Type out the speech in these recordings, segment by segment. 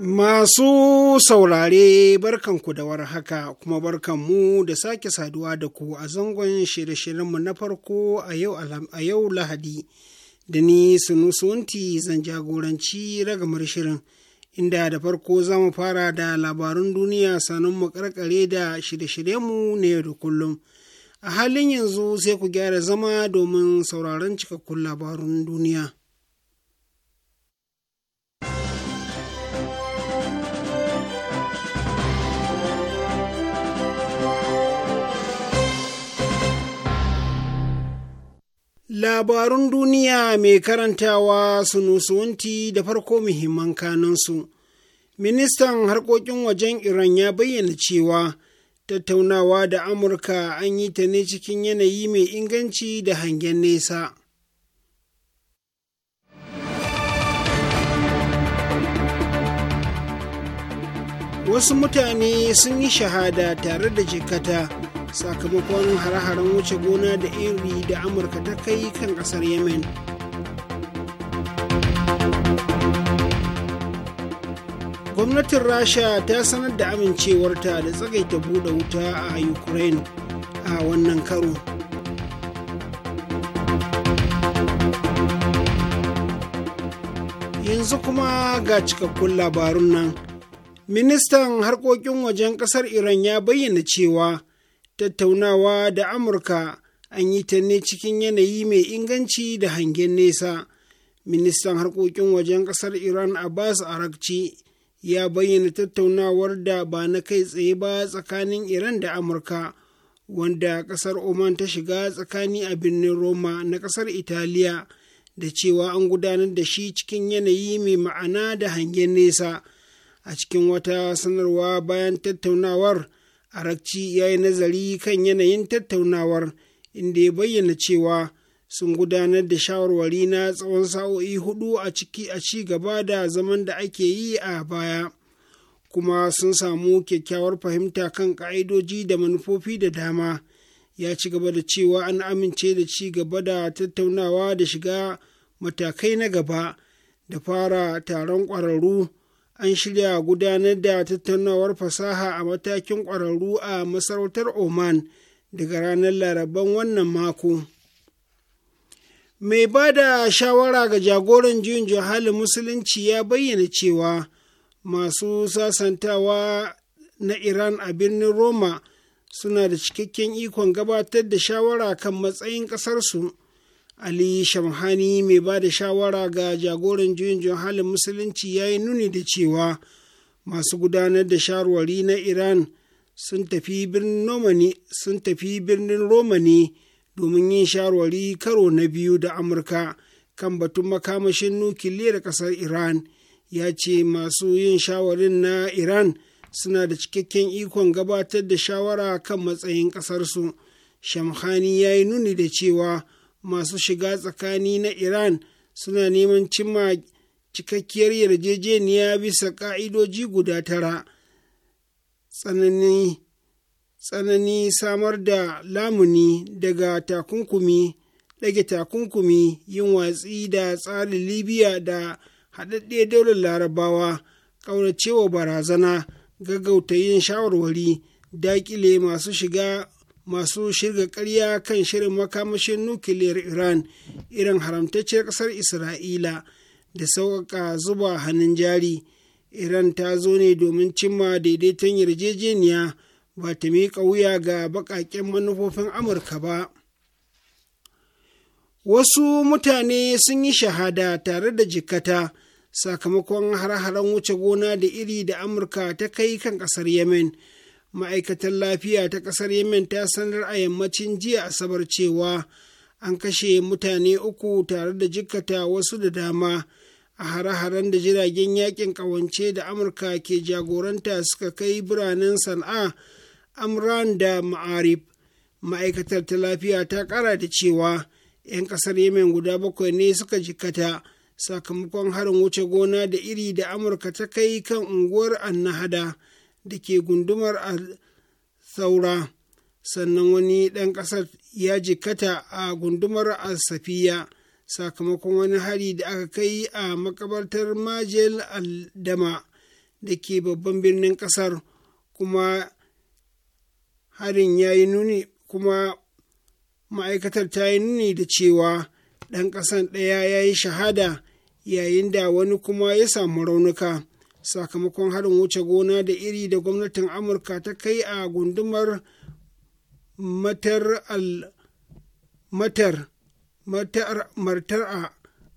Masu saurare barkanku da war haka kuma barkanmu da sake saduwa da ku a zangon shirye-shiryenmu na farko a yau Lahadi da ni sunusunti zan jagoranci ragamar shirin inda da farko za mu fara da labarun duniya sannan mu karkare da shirye-shiryenmu na yau da kullum. A halin yanzu sai ku gyara zama domin sauraron cikakkun labarun duniya. Labarun duniya mai karantawa wunti da farko muhimman kanansu. Ministan harkokin wajen Iran ya bayyana cewa tattaunawa da Amurka an yi ta ne cikin yanayi mai inganci da hangen nesa. Wasu mutane sun yi shahada tare da jikata. sakamakon hare-haren wuce gona da iri da amurka ta kai kan kasar yemen gwamnatin rasha ta sanar da amincewarta da tsagaita buɗe wuta a ukraine a wannan karo yanzu kuma ga cikakkun labarun nan ministan harkokin wajen kasar iran ya bayyana cewa tattaunawa da amurka an yi ta ne cikin yanayi mai inganci da hangen nesa ministan harkokin wajen ƙasar iran abbas arakci ya bayyana tattaunawar da ba na kai tsaye ba tsakanin iran da amurka wanda ƙasar oman ta shiga tsakani a birnin roma na ƙasar italiya da cewa an gudanar da shi cikin yanayi mai ma'ana da hangen nesa a cikin wata sanarwa bayan tattaunawar arakci ya yi nazari kan yanayin tattaunawar inda ya bayyana cewa sun gudanar da shawarwari na tsawon sa'o'i hudu a ciki a ci gaba da zaman da ake yi a baya kuma sun samu kyakkyawar fahimta kan ka'idoji da manufofi da dama ya ci gaba da cewa an amince da ci gaba da tattaunawa da shiga matakai na gaba da fara taron ƙwararru an shirya gudanar da tattaunawar fasaha a matakin ƙwararru a masarautar oman daga ranar laraban wannan mako mai ba da shawara ga jagoran juyin juhalin musulunci ya bayyana cewa masu sasantawa na iran a birnin roma suna da cikakken ikon gabatar da shawara kan matsayin ƙasarsu ali shamhani mai ba da shawara ga jagoran juyin juyin halin musulunci ya yi nuni da cewa masu gudanar da sharwari na iran sun tafi birnin roma ne domin yin sharwari karo na biyu da amurka kan batun makamashin nukiliyar kasar iran ya ce masu yin shawarin na iran suna da cikakken ikon gabatar da shawara kan matsayin kasarsu shamhani ya yi nuni da cewa masu shiga tsakani na iran suna neman cimma cikakkiyar yarjejeniya bisa ƙa'idoji guda tara tsanani samar da lamuni daga takunkumi ɗage takunkumi yin watsi da tsarin libya da haɗaɗɗe daular larabawa ƙaunacewa barazana gaggauta yin shawarwari daƙile masu shiga masu shirga karya kan shirin makamashin nukiliyar iran irin haramtacciyar ƙasar isra'ila da sauƙaƙa zuba hannun jari iran ta zo ne domin cimma daidaiton yarjejeniya ba ta miƙa wuya ga baƙaƙen manufofin amurka ba wasu mutane sun yi shahada tare da jikata sakamakon har-haren wuce gona da iri da amurka ta kai kan ƙasar yemen ma'aikatar lafiya ta ƙasar yemen ta sanar a yammacin jiya asabar cewa an kashe mutane uku tare da jikkata wasu da dama a hare-haren da jiragen yakin ƙawance da amurka ke jagoranta suka kai biranen sana'a amran da maarif ma'aikatar ta lafiya ta ƙara da cewa 'yan ƙasar yemen guda bakwai ne suka jikkata sakamakon harin wuce gona da iri da amurka ta kai kan unguwar annahada. da ke gundumar a saura sannan wani ɗan ƙasar ya jikata a gundumar al-safiya sakamakon wani hari da aka kai a makabartar majel al da ke babban birnin ƙasar kuma harin ya yi nuni kuma ma'aikatar ta yi nuni da cewa ɗan ƙasan ɗaya ya yi shahada yayin da wani kuma ya samu raunuka sakamakon harin wuce gona da iri da gwamnatin amurka ta kai a gundumar matar martar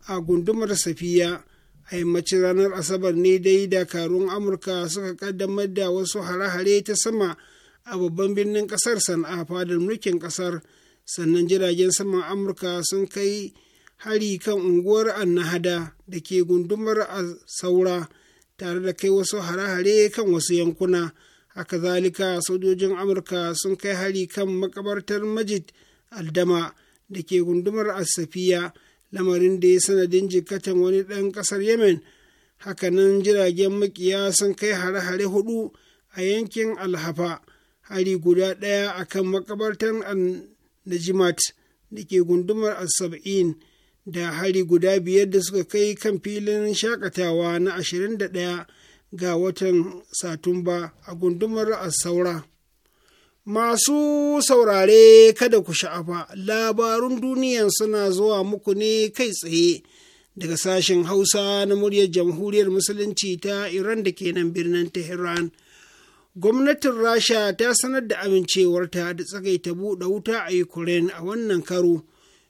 a gundumar safiya a yammacin ranar asabar ne dai dakarun amurka suka kaddamar da wasu hare-hare ta sama a babban birnin kasar sana'a fadar mulkin kasar sannan jiragen saman amurka sun kai hari kan unguwar annahada da ke gundumar a saura tare da kai wasu hare-hare kan wasu yankuna haka zalika sojojin amurka sun kai hari kan makabartar majid aldama da ke gundumar asafiya lamarin da ya sanadin jikatan wani ɗan ƙasar yemen hakanan jiragen makiya sun kai hare-hare hudu a yankin alhafa hari guda ɗaya a kan makabartar najimat da ke gundumar asab'in da hari guda biyar da suka kai kan filin shakatawa na 21 ga watan satumba a gundumar saura. masu saurare kada ku sha'afa labarun duniyan suna zuwa muku ne kai tsaye daga sashen hausa na muryar jamhuriyar musulunci ta iran da ke nan birnin tehran gwamnatin rasha ta sanar da amincewarta da tsagaita buɗe wuta a ukraine a wannan karo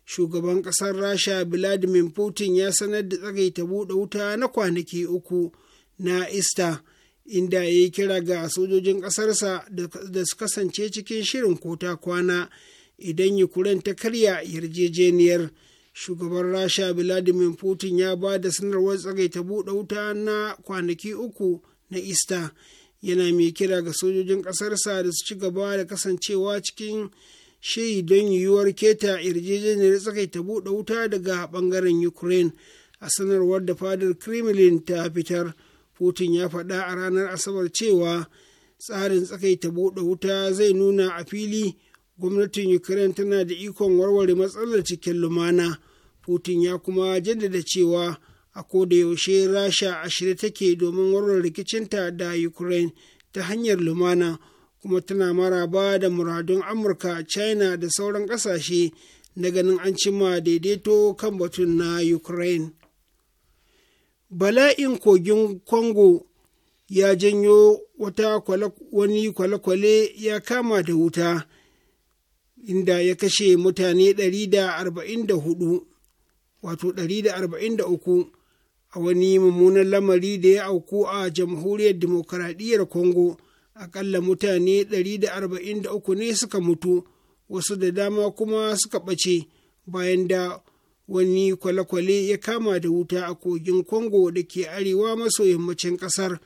shugaban ƙasar rasha vladimir putin ya sanar da tsagaita buɗe wuta na kwanaki uku na ista inda ya yi kira ga sojojin ƙasarsa da su kasance cikin shirin kota kwana idan yukuren ta karya yarjejeniyar shugaban rasha vladimir putin ya ba da sanarwar tsagaita buɗe wuta na kwanaki uku na ista yana mai kira ga sojojin ƙasarsa da su ci gaba da kasancewa cikin shi don yiwuwar keta yarjejeniyar ta buɗe wuta daga ɓangaren ukraine a sanarwar da fadar kremlin ta fitar putin ya faɗa a ranar asabar cewa tsarin ta buɗe wuta zai nuna a fili gwamnatin ukraine tana da ikon warware matsalar cikin lumana putin ya kuma jaddada cewa a yaushe rasha a shirye take domin warware rikicinta da ukraine ta hanyar lumana. kuma tana mara ba da muradun amurka china da sauran kasashe na ganin an cima daidaito kan batun na ukraine bala'in kogin congo ya janyo wata wani kwale-kwale ya kama da wuta inda ya kashe mutane 144 143 a wani mummunan lamari da ya auku a jamhuriyar demokaradiyyar congo akalla mutane 143 ne suka mutu wasu da dama kuma suka ɓace bayan da wani kwalekwale ya kama da wuta a kogin congo da ke arewa maso yammacin ƙasar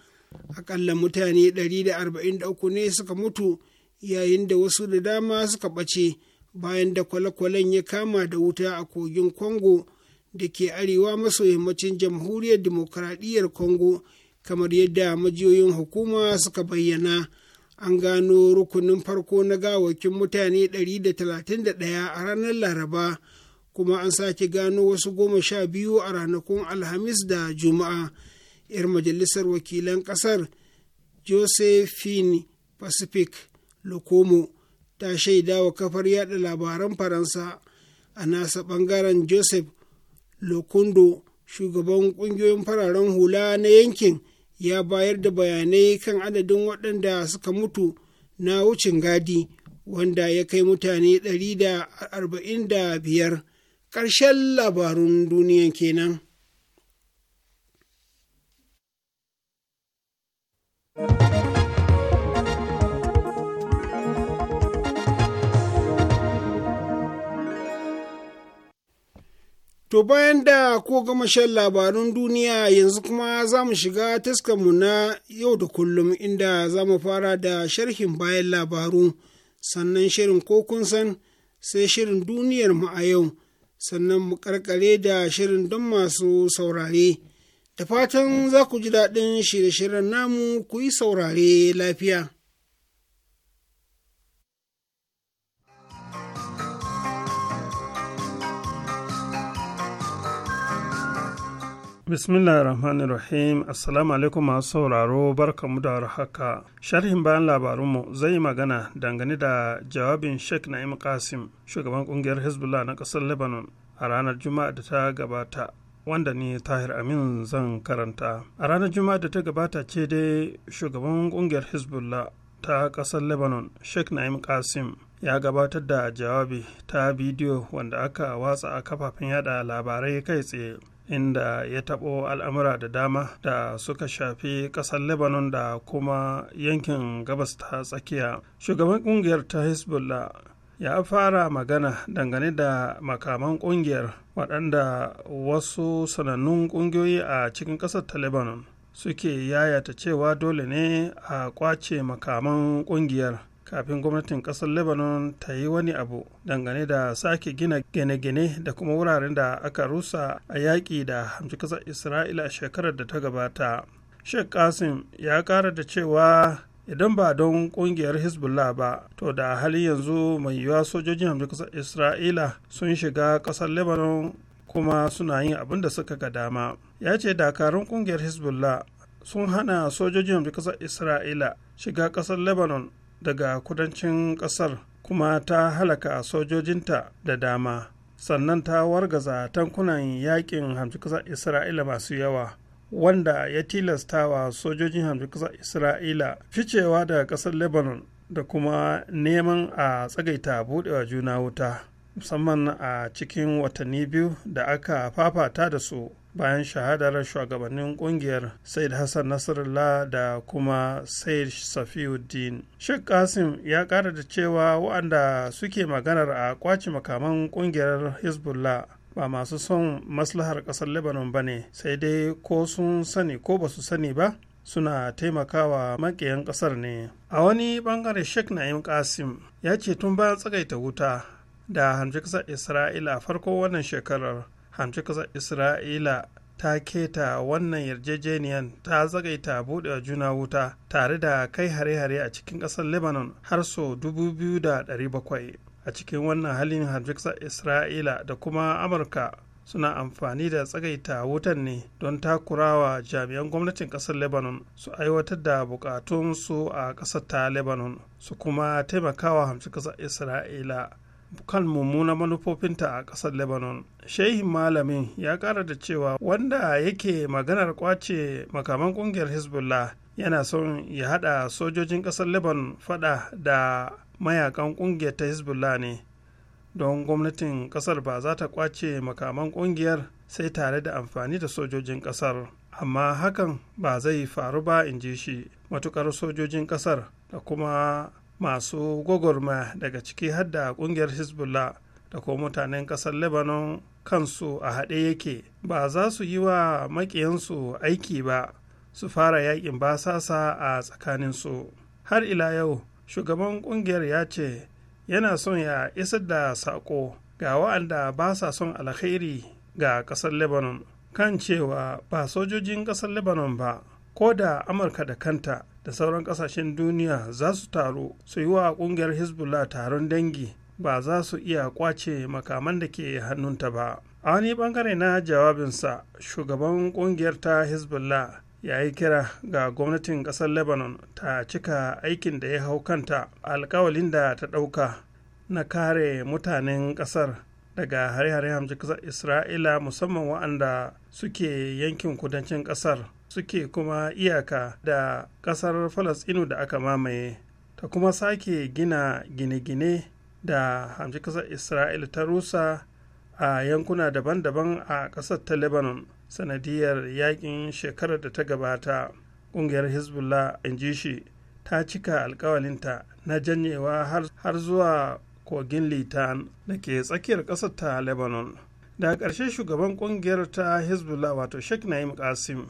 akalla mutane 143 ne suka mutu yayin da wasu da dama suka ɓace bayan da kwalekwalen ya kama da wuta a kogin congo da ke arewa maso yammacin jamhuriyar dimokuraɗiyyar congo kamar yadda majiyoyin hukuma suka bayyana an gano rukunin farko na gawakin mutane 131 a ranar laraba kuma an sake gano wasu goma sha biyu a ranakun alhamis da juma'a 'yar majalisar wakilan kasar josephine pacific lokomo ta shaida wa kafar yada labaran faransa a nasa bangaren joseph lokundo shugaban kungiyoyin fararen hula na yankin ya bayar da bayanai kan adadin waɗanda suka mutu na wucin gadi wanda ya kai mutane 145 ƙarshen labarun duniyan kenan. To bayan da ko gama shan labarun duniya yanzu kuma za mu shiga taskanmu na yau da kullum inda za mu fara da sharhin bayan labaru, sannan shirin ko san sai shirin duniyar mu a yau, sannan mu karkare da shirin don masu saurare. Da fatan za ku ji daɗin shirye-shiryen namu ku yi saurare lafiya. Bismillah rahman rahim Assalamu alaikum masu sauraro barkamu da haka. Sharhin bayan labarunmu zai yi magana dangane da jawabin Sheikh Na'im Qasim, shugaban kungiyar Hezbollah na ƙasar Lebanon a ranar Juma'a da ta gabata. Wanda ni Tahir Amin zan karanta. A ranar Juma'a da ta gabata ce dai shugaban kungiyar Hezbollah ta ƙasar Lebanon, Sheikh Na'im Qasim, ya gabatar da jawabi ta bidiyo wanda aka watsa a kafafen yada labarai kai tsaye. inda ya taɓo al'amura da dama da suka shafi ƙasar lebanon da kuma yankin gabas ta tsakiya shugaban ƙungiyar ta hezbollah ya fara magana dangane da makaman ƙungiyar waɗanda wasu sanannun ƙungiyoyi a cikin ƙasar ta lebanon suke yayata cewa dole ne a ƙwace makaman ƙungiyar kafin gwamnatin kasar lebanon ta yi wani abu dangane da sake gina gine-gine da kuma wuraren da aka rusa a yaƙi da hamci kasar isra'ila a shekarar da ta gabata sheikh kasim ya kara da cewa idan ba don ƙungiyar hezbollah ba to da hali yanzu mai yiwuwa sojojin hamci kasar isra'ila sun shiga kasar lebanon kuma suna yin abin da suka ga dama ya ce dakarun ƙungiyar hezbollah sun hana sojojin hamci kasar isra'ila shiga kasar lebanon daga kudancin ƙasar kuma ta halaka sojojinta da dama sannan ta wargaza tankunan yakin hamsin ƙasar isra'ila masu yawa wanda ya tilasta wa sojojin hamsin ƙasar isra'ila ficewa daga ƙasar lebanon da kuma neman a tsagaita buɗewa juna wuta musamman a cikin watanni biyu da aka fafata da su bayan shahadar shugabannin kungiyar said hassan Nasrullah da kuma said safiuddin sheikh kasim ya kara da cewa waɗanda suke maganar a kwace makaman kungiyar hezbollah ba masu son maslahar ƙasar lebanon ba ne sai dai ko sun sani ko ba su sani ba suna taimakawa makiyan ƙasar ne a wani bangare sheikh na'im kasim ya ce tun bayan tsagaita wuta da hamji ƙasar isra'ila farko wannan shekarar hamci ƙasar isra'ila ta keta wannan yarjejeniyar ta zagaita buɗe juna wuta tare da kai hare-hare a cikin ƙasar lebanon har so 2,700 a cikin wannan halin kasar isra'ila da kuma amurka suna amfani da tsagaita wutan ne don takurawa jami'an gwamnatin ƙasar lebanon su aiwatar da bukatunsu a ƙasar ta lebanon su kuma taimakawa hamsi ƙasar isra'ila kan mummuna manufofinta a ƙasar lebanon shehin malamin ya ƙara da cewa wanda yake maganar kwace makaman ƙungiyar hezbollah yana son ya haɗa sojojin ƙasar lebanon fada da mayakan ƙungiyar ta hezbollah ne don gwamnatin ƙasar ba za ta kwace makaman ƙungiyar sai tare da amfani da sojojin ƙasar amma hakan ba zai faru ba in ji shi matuƙar sojojin ƙasar da kuma masu gwagwarma daga ciki hadda kungiyar hezbollah da kuma mutanen kasar lebanon kansu a haɗe yake ba za su yi wa maƙiyansu aiki ba su fara yakin basasa a tsakaninsu har ila yau shugaban kungiyar ya ce yana son ya isar da saƙo ga wa'anda ba sa son alkhairi ga ƙasar lebanon kan cewa ba sojojin ƙasar lebanon ba ko da amurka da kanta da sauran kasashen duniya za su taru su yi wa kungiyar hezbollah taron dangi ba za su iya kwace makaman da ke hannunta ba a wani bangare na jawabinsa shugaban kungiyar ta hezbollah ya yi kira ga gwamnatin kasar lebanon ta cika aikin da ya hau kanta alkawalin da ta ɗauka na kare mutanen kasar daga hare-hare hamsin isra'ila musamman waɗanda suke yankin kudancin kasar suke kuma iyaka da ƙasar falasɗinu da aka mamaye ta kuma sake gina gine-gine da hamshi ƙasar isra'ila ta rusa a yankuna daban-daban a ƙasar ta lebanon sanadiyar yakin shekarar da ta gabata ƙungiyar hezbollah in ji shi ta cika alkawalinta na janyewa har zuwa kogin litan da ke tsakiyar ƙasar ta lebanon da ƙarshe shugaban ƙungiyar ta hezbollah wato sheikh na'im qasim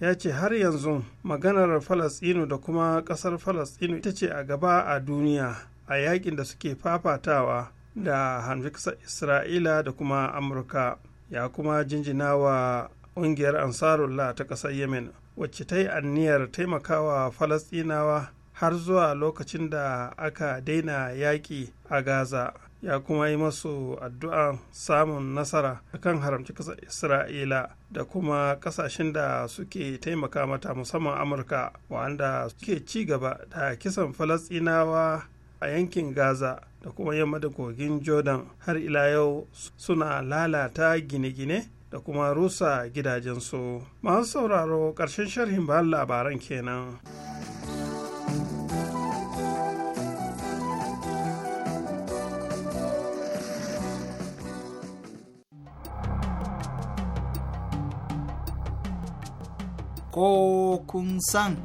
ya ce har yanzu maganar falasɗinu da kuma ƙasar falasɗinu ita ce a gaba a duniya a yakin da suke fafatawa da hamfiksa isra'ila da kuma amurka ya kuma jinjina wa ƙungiyar ansarullah ta ƙasar yemen wacce ta yi anniyar taimakawa falasɗinawa har zuwa lokacin da aka daina yaƙi a gaza ya kuma yi masu addu'a samun nasara akan haramci ƙasar isra'ila da kuma ƙasashen da suke taimaka mata musamman amurka wanda suke ci gaba da kisan falasɗinawa a yankin gaza da kuma yamma da kogin jordan har ila yau suna lalata gine-gine da kuma rusa gidajensu masu sauraro ƙarshen sharhin bayan labaran kenan. ko kun san.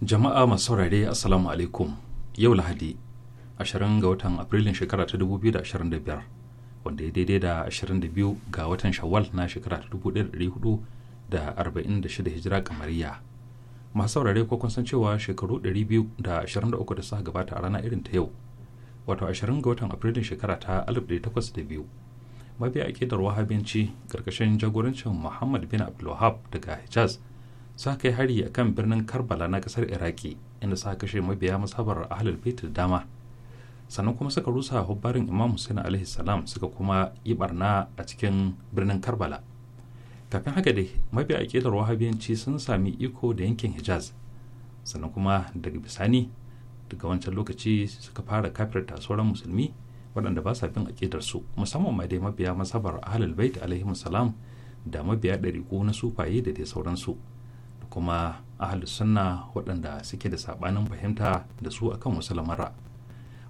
Jama'a masu saurare Assalamu alaikum yau Lahadi 20 ga watan Afrilun shekara ta 2025 wanda ya daidai da 22 ga watan Shawwal na shekara ta 1446 Hijira kamariya. Masu saurare ko kun san cewa shekaru 223 da suka gabata a rana irin ta yau wato 20 ga watan Afrilun shekara ta 1802 mabiya akidar wahabinci ƙarƙashin jagorancin muhammad bin abdulwahab daga hijaz sa kai hari a kan birnin karbala na ƙasar iraki inda sa kashe mabiya masabar ahlul baitul dama sannan kuma suka rusa hubbarin imam hussein alaihi salam suka kuma yi barna a cikin birnin karbala kafin haka dai mabiya akidar wahabinci sun sami iko da yankin hijaz sannan kuma daga bisani daga wancan lokaci suka fara kafirta sauran musulmi waɗanda ba sa bin su musamman mai dai mabiya masabar ahlul bait alaihi salam da mabiya ɗari ko na sufaye da dai sauransu da kuma ahlus sunna waɗanda suke da saɓanin fahimta da su akan wasu lamara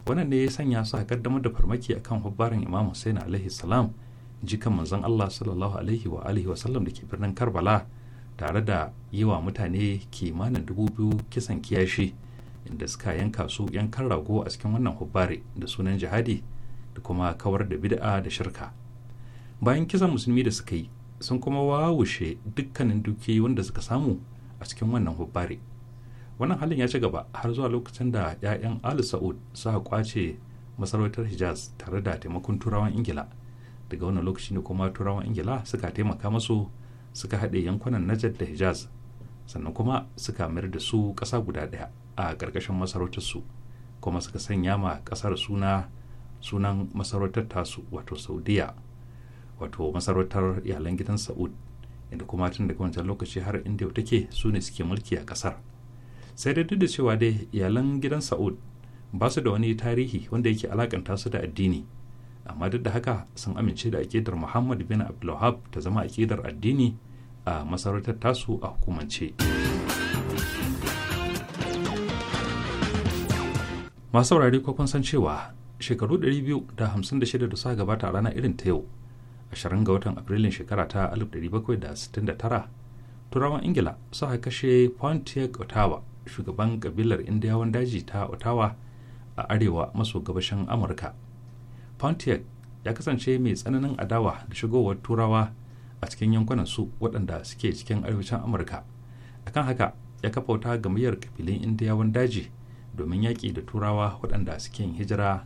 wannan ne ya sanya su a kaddamar da farmaki akan hubbarin imam hussein alaihi salam jikan manzon allah sallallahu alaihi wa alihi wa sallam da ke birnin karbala tare da yi wa mutane kimanin dubu biyu kisan kiyashi inda suka yanka su yankan rago a cikin wannan hubbare da sunan jihadi da kuma kawar da bid'a da shirka bayan kisan musulmi da suka yi sun kuma wawushe dukkanin dukiyoyi wanda suka samu a cikin wannan hubbare wannan halin ya ci gaba har zuwa lokacin da 'ya'yan ali sa'ud suka kwace masarautar hijaz tare da taimakon turawan ingila daga wannan lokaci ne kuma turawan ingila suka taimaka masu suka haɗe yankunan najar da hijaz sannan kuma suka mayar da su ƙasa guda ɗaya a ƙarƙashin su kuma suka sanya ma ƙasar suna sunan masarautar tasu wato saudiya wato masarautar iyalan gidan sa'ud inda kuma tun daga wancan lokaci har inda take su ne suke mulki a kasar sai dai duk da cewa dai iyalan gidan sa'ud ba su da wani tarihi wanda yake alakanta su da addini amma duk da haka sun amince da akidar muhammad bin abdulwahab ta zama akidar addini a masarautar tasu a hukumance masu saurari ko kun san cewa shekaru 256 da suka gabata a rana irin ta yau 20 ga watan afrilun shekara ta 1769 turawan ingila su suka kashe pontiac ottawa shugaban kabilar indiyawan daji ta ottawa a arewa maso gabashin amurka pontiac ya kasance mai tsananin adawa da shigowar turawa a cikin yankunan su waɗanda suke cikin arewacin amurka akan haka ya kafa wata gamayyar kabilin indiyawan daji domin yaƙi da turawa waɗanda suke hijira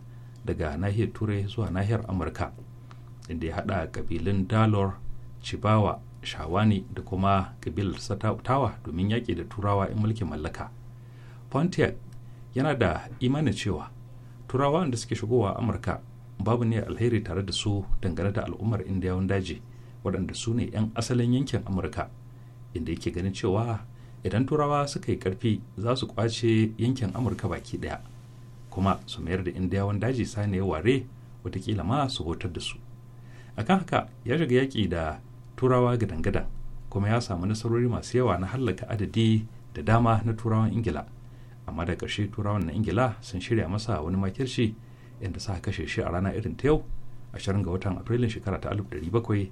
daga nahiyar turai zuwa nahiyar amurka inda ya hada kabilun dalor cibawa shawani da kuma kabilar satawa domin yaƙi da turawa in mulkin mallaka pontiac yana da imanin cewa turawa da suke shigowa amurka babu ne alheri tare da su dangane da al'ummar indiyawan daji waɗanda su ne 'yan asalin yankin amurka inda yake ganin cewa idan turawa suka yi ƙarfi za su kwace yankin amurka baki ɗaya kuma su mayar da indiyawan daji ya ware watakila ma su hotar da su a kan haka ya shiga yaƙi da turawa gadan-gadan kuma ya samu nasarori masu yawa na hallaka adadi da dama na turawan ingila amma da ƙarshe turawan na ingila sun shirya masa wani makirci inda sa kashe shi a rana irin ta yau ashirin ga watan afrilun shekara ta 1769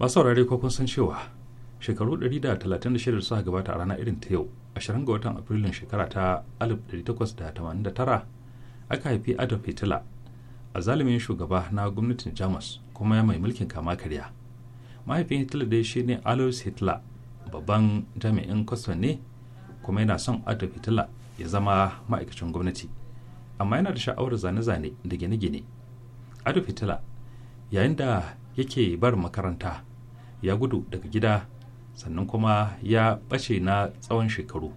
masu saurare ko san cewa shekaru 136 suka gabata a rana irin ta yau 20 ga watan afrilun shekara ta 1889 aka haifi adolf hitler a zalimin shugaba na gwamnatin jamus kuma mai mulkin kama karya mahaifin hitler dai shi ne alois hitler babban jami'in kwastan ne kuma yana son adolf hitler ya zama ma'aikacin gwamnati amma yana da sha'awar zane-zane da gine-gine adolf hitler yayin da yake bar makaranta ya gudu daga gida sannan kuma ya ɓace na tsawon shekaru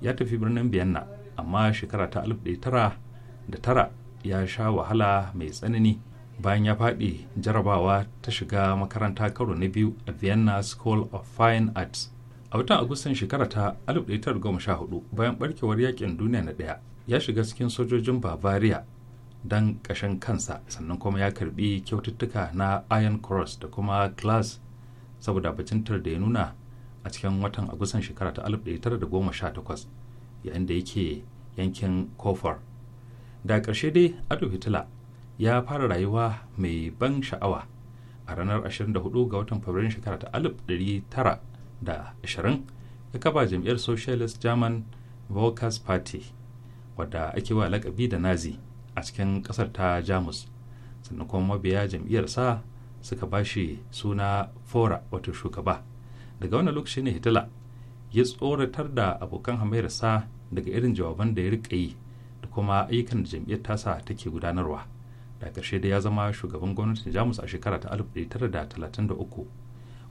ya tafi birnin biyanna amma shekara ta tara da tara ya sha wahala mai tsanani bayan ya faɗi jarabawa ta shiga makaranta karo na biyu a vienna school of fine arts a watan agustan shekara ta 1914 bayan barkewar yakin duniya na ɗaya ya shiga cikin sojojin bavaria don ƙashin kansa sannan kuma ya karbi kyaututtuka na iron cross da kuma glass saboda bacintar da ya nuna a cikin watan agusan shekara ta 1918 yayin da yake yankin kofar da ƙarshe dai adolf hitler ya fara rayuwa mai ban sha'awa a ranar 24 ga watan fabrairun shekara ta 1920 ya kafa jam'iyyar socialist german volkers party wadda ake wa lakabi da nazi a cikin kasar ta jamus sannan kuma mabiya sa. suka ba shi suna fora wato shugaba daga wannan lokaci ne hitila ya tsoratar da abokan hamayarsa daga irin jawaban da ya rika yi da kuma ayyukan da jam'iyyar tasa take gudanarwa da ƙarshe da ya zama shugaban gwamnatin jamus a shekara ta 1933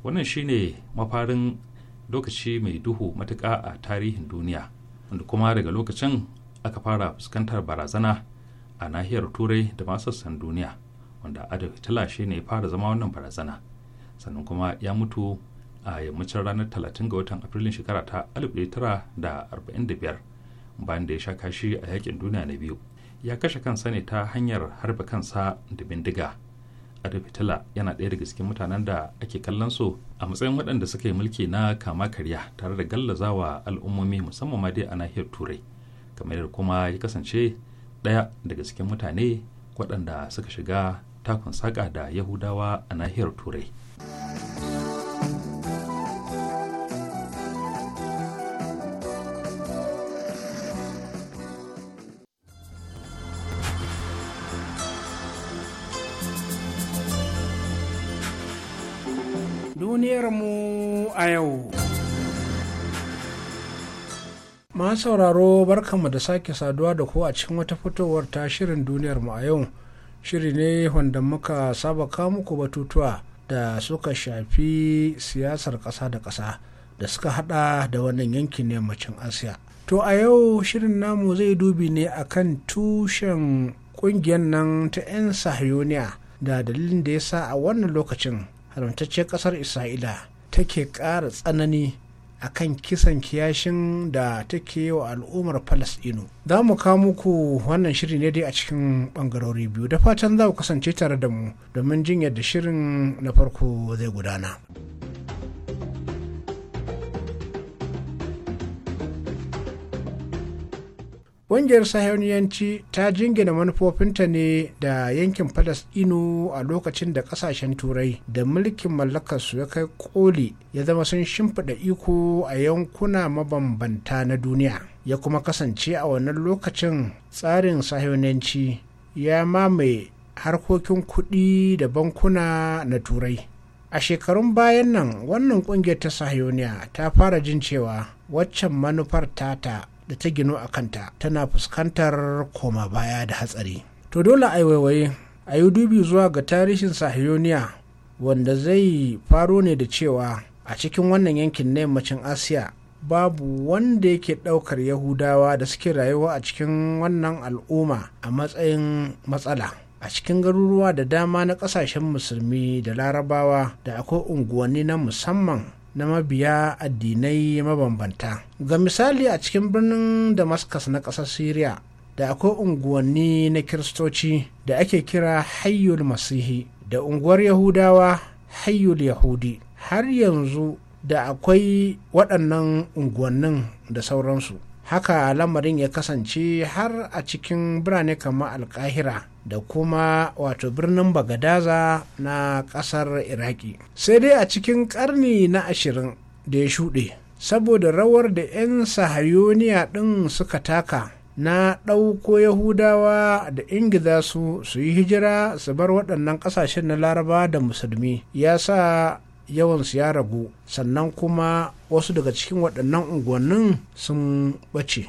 wannan shine mafarin lokaci mai duhu matuƙa a tarihin duniya wanda kuma daga lokacin aka fara fuskantar barazana a nahiyar turai da masassan duniya wanda adolf hitler shi ne ya fara zama wannan barazana sannan kuma ya mutu a yammacin ranar 30 ga watan afrilun shekara ta 1945 bayan da ya sha kashi a yakin duniya na biyu ya kashe kansa ne ta hanyar harba kansa da bindiga adolf hitler yana ɗaya daga cikin mutanen da ake kallon su a matsayin waɗanda suka yi mulki na kama karya tare da gallazawa al'ummomi musamman ma dai a nahiyar turai kamar kuma ya kasance ɗaya daga cikin mutane waɗanda suka shiga takun saƙa da yahudawa a nahiyar turai duniyarmu a yau masu sauraro barkanmu da sake saduwa da ku a cikin wata fitowar ta shirin duniyarmu a yau shiri ne wanda muka saba kamu muku batutuwa da suka shafi siyasar ƙasa da ƙasa da suka hada da wannan yankin yammacin asiya to a yau shirin namu zai dubi ne akan tushen kungiyar nan ta 'yan sahiyoniya da dalilin da ya sa a wannan lokacin haramtacciyar ƙasar isra'ila take ƙara tsanani a kan kisan kiyashin da take wa al'ummar Falasɗinu. Za mu kawo muku wannan shiri ne dai a cikin ɓangarori biyu da fatan za ku kasance tare da mu domin jin yadda shirin na farko zai gudana. ƙungiyar sahiyoniyanci ta jingina manufofinta ne da yankin falasɗinu a lokacin da ƙasashen turai da mulkin mallakarsu ya kai ƙoli ya zama sun shimfiɗa iko a yankuna mabambanta na duniya ya kuma kasance a wannan lokacin tsarin sahiyoniyanci ya mamaye harkokin kuɗi da bankuna na turai a shekarun bayan nan wannan ƙungiyar ta sahiyoniya ta fara jin cewa waccan manufar tata da ta gino a kanta tana fuskantar koma baya da hatsari to dole a waiwaye a yi dubi zuwa ga tarihin sahiyoniya wanda zai faro ne da cewa a cikin wannan yankin na yammacin asiya babu wanda yake ɗaukar yahudawa da suke rayuwa a cikin wannan al'umma a matsayin matsala a cikin garuruwa da dama na kasashen musulmi da larabawa da akwai unguwanni na musamman na mabiya addinai mabambanta ga misali a cikin birnin damascus na ƙasar syria da akwai unguwanni na kiristoci da ake kira hayyul masihi da unguwar yahudawa hayyul yahudi har yanzu da akwai waɗannan unguwannin da sauransu haka lamarin ya kasance har a cikin birane kamar alkahira da kuma wato birnin bagadaza na kasar iraki sai dai a cikin karni na ashirin da ya shuɗe saboda rawar da 'yan sahayoniya ɗin suka taka na ɗauko yahudawa da ingiza su su yi hijira su bar waɗannan ƙasashen na laraba da musulmi ya sa yawansu ya ragu sannan kuma wasu daga cikin waɗannan unguwannin sun ɓace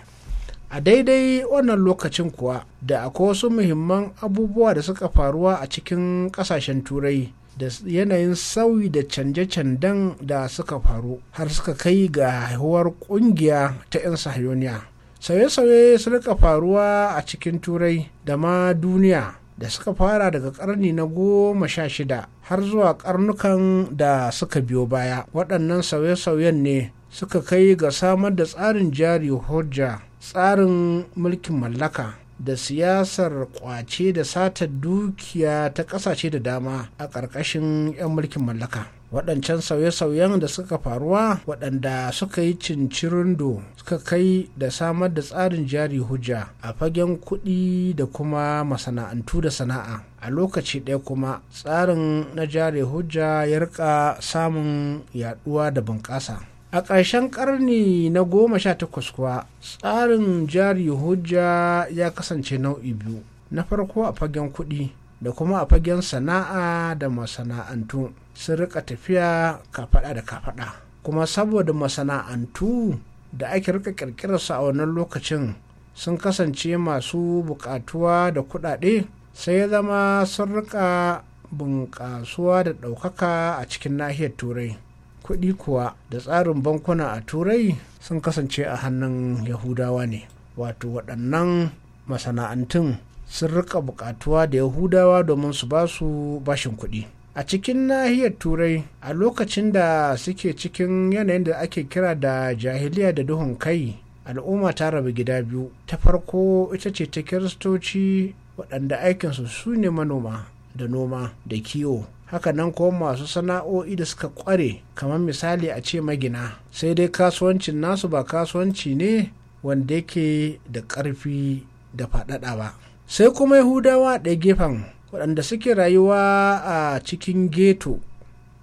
a daidai wannan lokacin kuwa da akwai wasu muhimman abubuwa da suka faruwa a cikin ƙasashen turai da yanayin sauyi da canje-canjen da suka faru har suka kai ga haihuwar ƙungiya ta 'yan sahiyoniya sauye-sauye su rika faruwa a cikin turai da ma duniya da suka fara daga karni na goma sha shida har zuwa karnukan da suka biyo baya waɗannan sauye-sauyen ne suka kai ga samar da tsarin jari hujja tsarin mulkin mallaka da siyasar kwace da satar dukiya ta ƙasashe da dama a ƙarƙashin 'yan mulkin mallaka waɗancan sauye-sauyen da suka faruwa waɗanda suka yi cincirindo suka kai da samar da tsarin jari hujja a fagen kuɗi da kuma masana'antu da sana'a a lokaci ɗaya kuma tsarin na jari hujja ya rika samun yaɗuwa da bunƙasa a ƙarshen ƙarni na goma sha takwas kuwa tsarin jari hujja ya kasance nau'i biyu na farko a fagen kuɗi da kuma a fagen sana'a da masana'antu sun rika tafiya kafaɗa da kafaɗa kuma saboda masana'antu da ake rika kirkirarsa a wannan lokacin sun kasance masu bukatuwa da kuɗaɗe sai ya zama sun rika bunƙasuwa da ɗaukaka a cikin nahiyar turai kuɗi kuwa da tsarin bankuna a turai sun kasance a hannun yahudawa ne wato waɗannan masana'antun sun rika buƙatuwa da yahudawa domin su ba su bashin kuɗi a cikin nahiyar turai a lokacin da suke cikin yanayin da ake kira da jahiliya da duhun kai al'umma ta rabu gida biyu ta farko ita ce ta kiristoci waɗanda aikinsu su ne manoma da noma da kiwo hakanan ko masu sana'o'i da suka kware kamar misali a ce magina sai dai kasuwancin nasu ba kasuwanci ne wanda yake da ƙarfi da faɗaɗa ba sai kuma yahudawa ɗaya gefen waɗanda suke rayuwa a cikin ghetto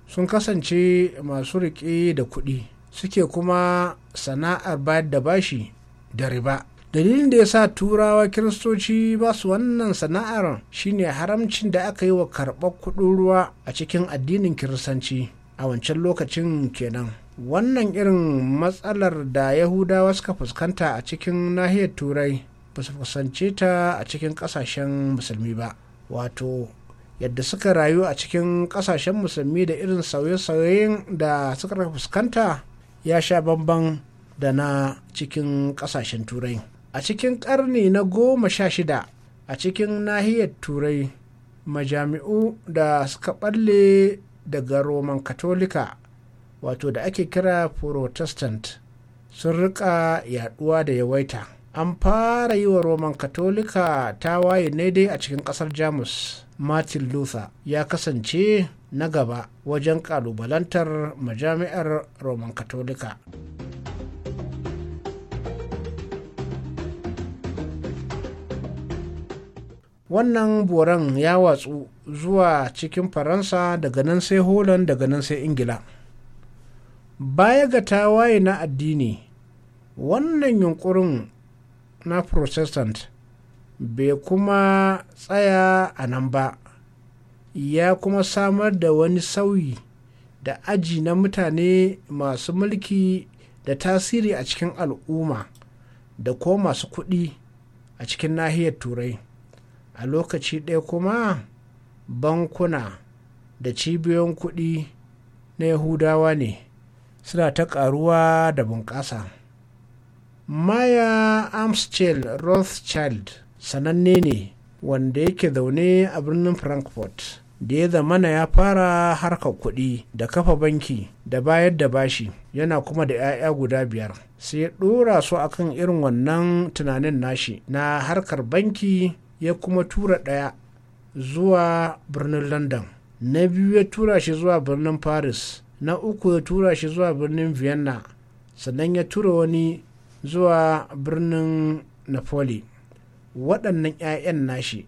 sun kasance masu riƙe da kuɗi suke kuma sana'ar bayar da bashi da riba dalilin da ya sa turawa kiristoci ba su wannan sana'ar shine haramcin da aka yi wa karɓar kuɗin ruwa a cikin addinin kiristanci a wancan lokacin kenan wannan irin matsalar da yahudawa suka fuskanta a cikin nahiyar turai ba su fuskance ta a cikin ƙasashen musulmi ba wato yadda suka rayu a cikin kasashen musulmi da irin sauye-sauyen da suka fuskanta ya sha bamban da na cikin kasashen turai a cikin karni na goma sha shida a cikin nahiyar turai majami'u da suka balle daga roman katolika wato da ake kira protestant sun rika yaduwa da yawaita an fara yi wa roman katolika ta waye ne dai a cikin kasar jamus martin luther ya kasance na gaba wajen kalubalantar majami'ar roman katolika wannan boran ya watsu zuwa cikin faransa daga nan sai holland daga nan sai ingila baya ga tawaye na addini wannan yunkurin na protestant bai kuma tsaya a nan ba ya kuma samar da wani sauyi da aji na mutane masu mulki da tasiri a cikin al'umma da ko masu kuɗi a cikin nahiyar turai a lokaci ɗaya kuma bankuna da cibiyoyin kuɗi na yahudawa ne suna ta ƙaruwa da bunƙasa maya amstel rothschild sananne ne wanda yake zaune a birnin frankfurt da ya zamana ya fara harkar kuɗi da kafa banki da bayar da bashi yana kuma da 'ya'ya guda biyar sai ya ɗora su kan irin wannan tunanin nashi na harkar banki ya kuma tura ɗaya zuwa birnin london na biyu ya tura shi zuwa birnin paris na uku ya tura shi zuwa birnin vienna sannan ya tura wani zuwa birnin napoli waɗannan 'ya'yan nashi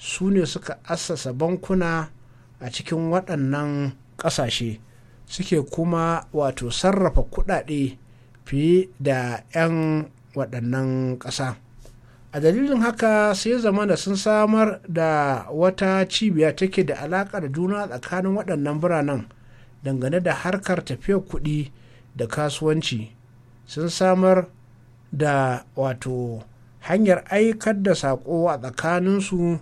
su ne suka assasa bankuna a cikin waɗannan ƙasashe suke kuma wato sarrafa kuɗaɗe fiye da 'yan waɗannan ƙasa a dalilin haka sai zama da sun samar da wata cibiya take da alaƙa da juna tsakanin waɗannan biranen dangane da harkar tafiyar kuɗi da kasuwanci sun samar da wato hanyar aikar da saƙo a tsakaninsu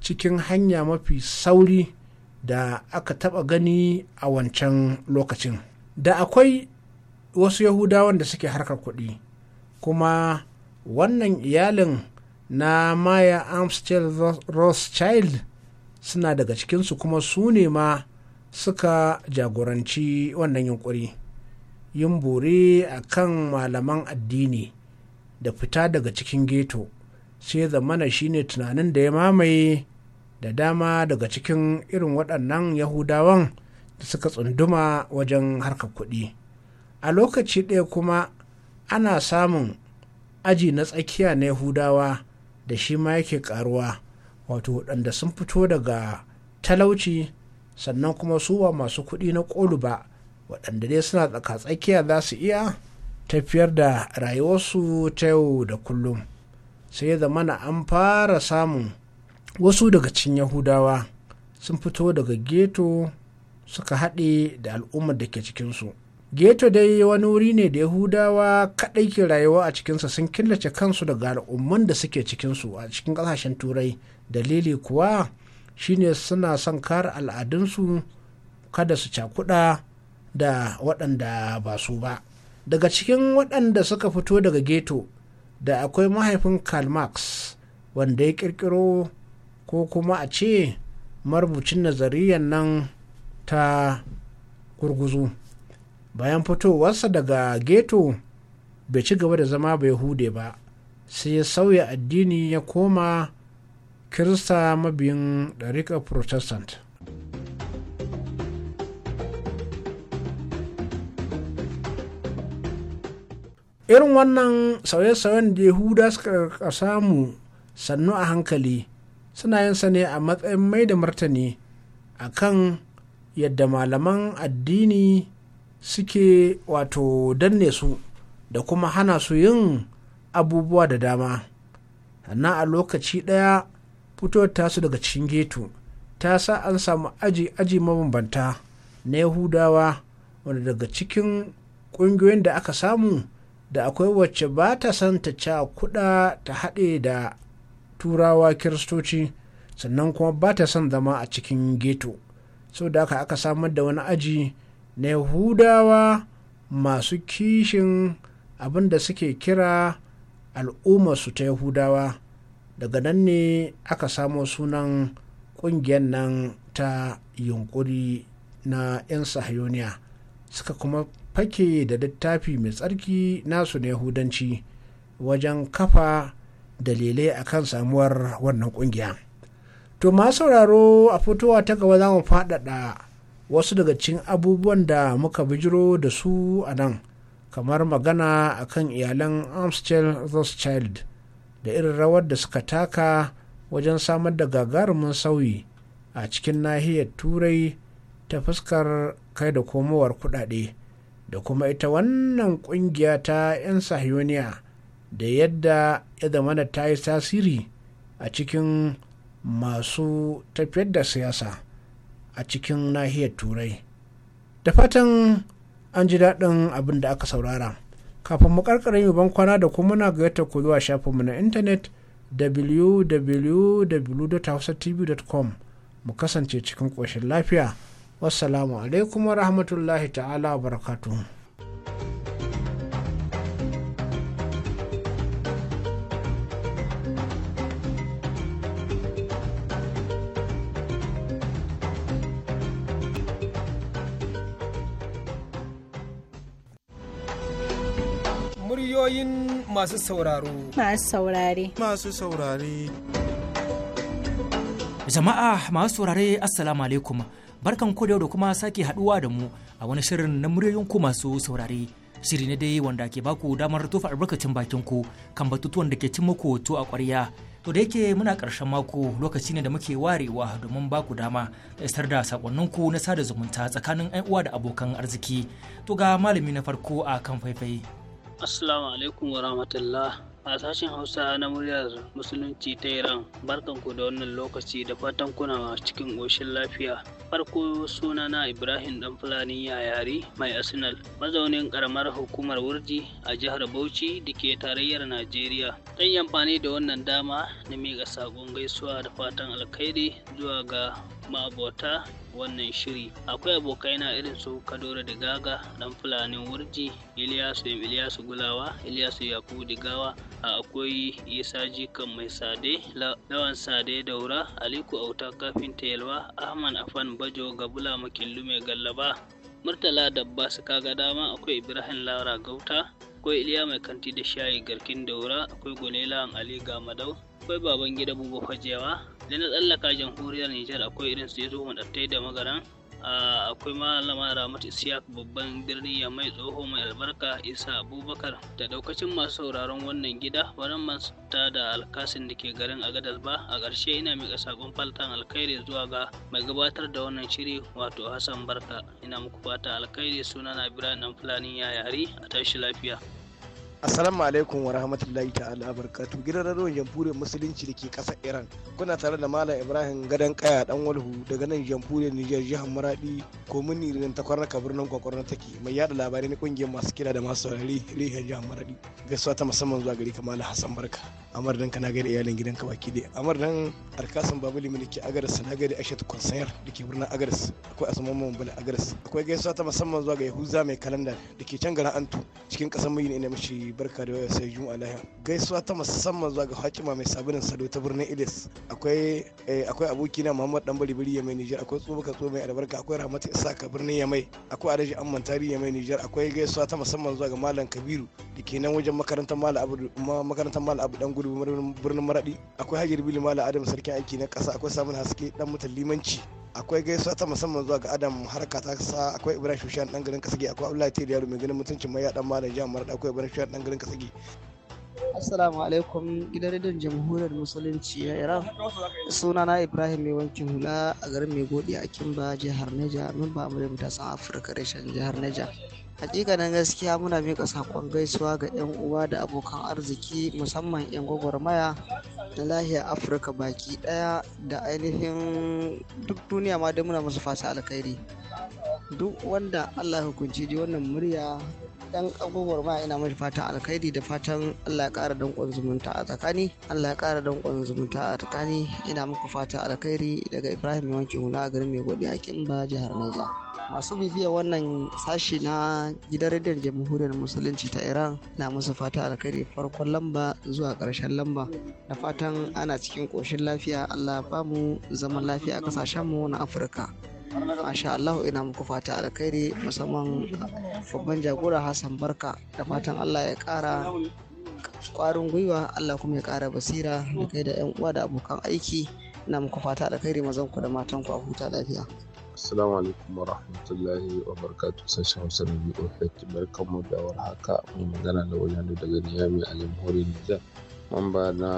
cikin hanya mafi sauri da aka taɓa gani a wancan lokacin da akwai wasu yahudawan da suke harkar kuɗi kuma wannan iyalin na maya amstel rothschild suna daga cikinsu kuma su ne ma suka jagoranci wannan yunkuri yin bore a kan malaman addini da fita daga cikin geto sai zamana shine tunanin da ya mamaye da dama daga cikin irin waɗannan yahudawan da suka tsunduma wajen harkar kuɗi a lokaci ɗaya kuma ana samun aji na tsakiya na yahudawa da shi ma yake karuwa wato waɗanda sun fito daga talauci sannan kuma su ba masu kuɗi na ƙolu ba waɗanda dai suna tsaka tsakiya za su iya tafiyar da rayuwarsu ta yau da kullum sai ya zamana an fara samun wasu daga cikin yahudawa sun fito daga geto suka haɗe da al'ummar da ke cikinsu geto dai wani wuri ne da yahudawa kaɗai ke rayuwa a cikinsa sun killace kansu daga al'umman da suke cikinsu a cikin ƙasashen turai dalili kuwa shine suna son kare al'adunsu kada su cakuɗa da waɗanda ba su ba daga cikin waɗanda suka fito daga ghetto da akwai mahaifin karl marx wanda ya ƙirƙiro ko kuma a ce marubucin nazariyar nan ta gurguzu bayan fitowarsa daga ghetto bai ci gaba da zama bai hude ba sai ya sauya addini ya koma kirista mabiyin ɗarika protestant irin wannan sauye-sauyen da yahuda suka samu sannu a hankali suna yin sa ne a matsayin mai da martani a kan yadda malaman addini suke wato danne su da kuma hana su yin abubuwa da dama sannan a lokaci ɗaya fitowar tasu daga cikin geto ta sa an samu aji-aji mabambanta na yahudawa wanda daga cikin ƙungiyoyin da aka samu da akwai wacce ba ta son ta ca kuɗa ta haɗe da turawa kiristoci sannan kuma ba ta son zama a cikin geto sau da aka aka samar da wani aji na yahudawa masu kishin abin da suke kira su ta yahudawa daga nan ne aka samo sunan ƙungiyar nan ta yunkuri na 'yan sahayoniya suka kuma fake da littafi mai tsarki nasu na yahudanci wajen kafa dalilai akan samuwar wannan kungiya to ma sauraro a fitowa ta gaba za mu faɗaɗa wasu daga cikin abubuwan da muka bijiro da su a nan kamar magana a kan iyalan amstel rothschild da irin rawar da suka taka wajen samar da gagarumin sauyi a cikin nahiyar turai ta fuskar kai da komowar kudade da kuma ita wannan kungiya ta 'yan sahiyoniya da yadda ya zamana ta yi tasiri a cikin masu tafiyar da siyasa a cikin nahiyar turai da fatan an ji daɗin abin da aka saurara kafin mu karkare yi kwana da kuma na gayyata ku zuwa shafinmu na intanet www.hausatv.com mu kasance cikin ƙoshin lafiya wassalamu alaikum wa rahmatullahi ta'ala barakatuhu masu sauraro. Masu saurare. Masu saurare. Jama'a masu saurare Assalamu alaikum. barkan ku da kuma sake haduwa da mu a wani shirin na muryoyin ku masu saurare shiri ne dai wanda ke baku damar tofa albarkacin bakin ku kan batutuwan da ke cin muku to a ƙwarya to da yake muna karshen mako lokaci ne da muke warewa domin baku dama da isar da sakonnin ku na sada zumunta tsakanin ƴan uwa da abokan arziki to ga malami na farko a kan faifai assalamu alaikum wa rahmatullah a sashen hausa na muryar musulunci ta iran barkan ku da wannan lokaci da fatan kuna cikin ƙoshin lafiya farko sunana ibrahim dan fulani yayari mai arsenal mazaunin karamar hukumar wurji a jihar bauchi da ke tarayyar najeriya zan yi amfani da wannan dama na miƙa saƙon gaisuwa da fatan alkhairi zuwa ga mabota wannan shiri akwai abokai na irin su kadoro da gaga dan fulanin wurji iliyasu iliyasu gulawa iliyasu yakubu digawa a akwai isa jikan mai sade lawan sade daura aliku auta kafin yalwa ahman afan bajo gabula makillu mai gallaba murtala dabba su kaga dama akwai ibrahim lara gauta akwai iliya mai kanti da shayi garkin daura akwai gulela ali gamadau akwai baban gida buba fajewa da na tsallaka jamhuriyar nijar akwai irin su yazo madattai da magaran akwai malama ramatu isiyak babban birni ya mai tsoho mai albarka isa abubakar da daukacin masu sauraron wannan gida baran masta da alkasin da ke garin agadas ba a ƙarshe ina miƙa sabon faltan alkhairi zuwa ga mai gabatar da wannan shiri wato hassan barka ina muku fata alkhairi suna na biranen fulani yayari a tashi lafiya Assalamu alaikum wa rahmatullahi ta'ala barkatu gidan radio jamhuriyar musulunci da ke ƙasar Iran. Kuna tare da Malam Ibrahim Gadan Kaya dan Walhu daga nan jamhuriyar Nijar jihar Maradi ko komini rin ta kwarnaka birnin kwakwarna take mai yada labarai na kungiyar masu kira da masu saurari rihar jihar Maradi. Gaisuwa ta musamman zuwa gari kamar Hassan Barka. Amar dan kana gaida iyalin gidan ka baki dai. Amar dan Arkasan Babali mulki Agaris na gaida Aishat Konsayar da ke birnin Agaris. Akwai Asman Mambala Agaris. Akwai gaisuwa ta musamman zuwa ga Yahuza mai kalanda da ke can garin Antu cikin ƙasar Mayin ne mishi barka da sai juma'a lahiya gaisuwa ta musamman zuwa ga hakima mai sabulin sado ta birnin ilis akwai eh, akwai abokina muhammad dan balibiri ya mai niger akwai tsobaka tso mai albarka akwai rahmatu isa ka birnin yamai akwai adaji amman tari ya niger akwai gaisuwa ta musamman zuwa ga malam kabiru da ke nan wajen makarantar malam abu makarantar malam abu dan gudu birnin maradi akwai hajjar bili malam adam sarkin aiki na kasa akwai samun haske dan mutan limanci akwai gaisuwa ta musamman zuwa ga adam harka ta sa akwai ibrahim shushan dan garin kasige akwai abdullahi tiriyaru mai ganin mutuncin mai dan malam jihar maradi akwai ibrahim shushan dan garin kasige Assalamu alaikum gidan rediyon jamhuriyar musulunci na Iran. Sunana Ibrahim mai wankin hula a garin mai godi a Kimba jihar Neja, mun ba mu da mutasan Afirka reshen jihar Neja. hakikanin gaskiya muna mika sakon gaisuwa ga 'yan uwa da abokan arziki musamman 'yan gwagwarmaya na lahiyar afirka baki ɗaya da ainihin duk duniya ma dai muna musu fasa alkhairi duk wanda allah hukunci ji wannan murya dan agogwar ma ina mai fata alkhairi da fatan Allah ya kara dankon zumunta a tsakani Allah ya kara dankon zumunta a tsakani ina muku fata alkhairi daga Ibrahim wanke Huna a garin Mai Godi a Kimba jihar Niger masu bibiya wannan sashi na gidan rediyon jamhuriyar musulunci ta iran na musu fata alkhairi farkon lamba zuwa karshen lamba da fatan ana cikin ƙoshin lafiya allah ba mu zaman lafiya a ƙasashenmu na afirka masha Allah ina muku fata alkhairi musamman babban jagora Hassan Barka da fatan Allah ya ƙara kwarin gwiwa Allah kuma ya kara basira da kai da 'yan uwa da abokan aiki ina muku fata alkhairi mazan ku da matan ku a huta lafiya. Assalamu alaikum wa rahmatullahi wa barakatuh sashen Hausa na BOH mu da warhaka mun magana da wani daga Niyami a jamhuriyar Nijar. Mamba na